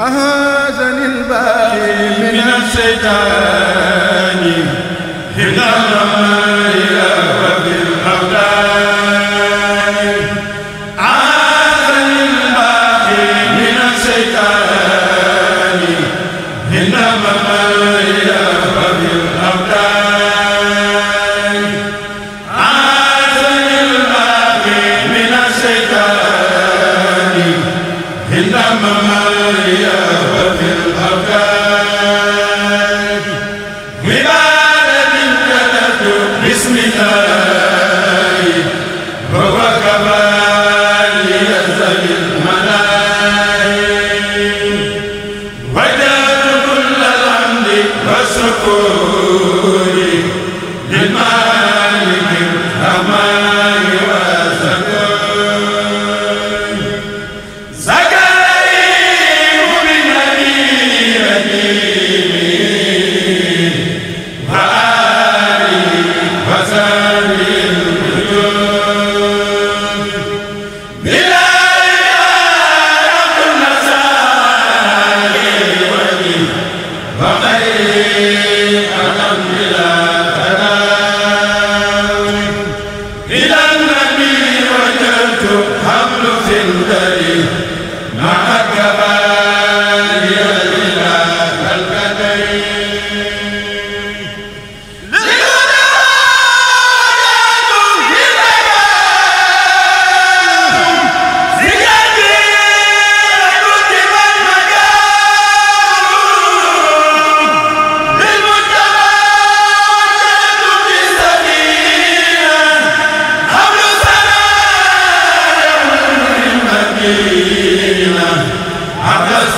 أعاذني الباقي من الشيطان sukk الحمد لله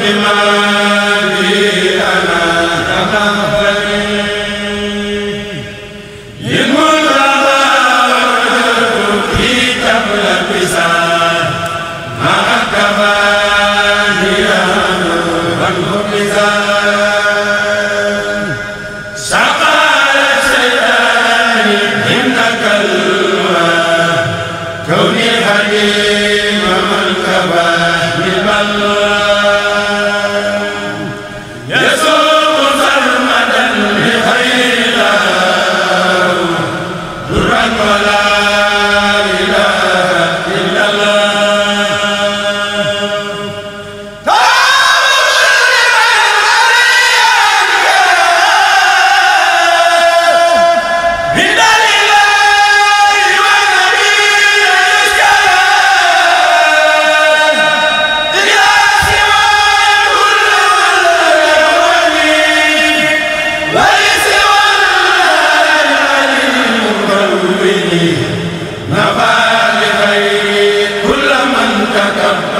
ma Cody anta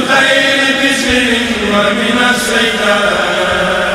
بالخير بسر ومن السيئات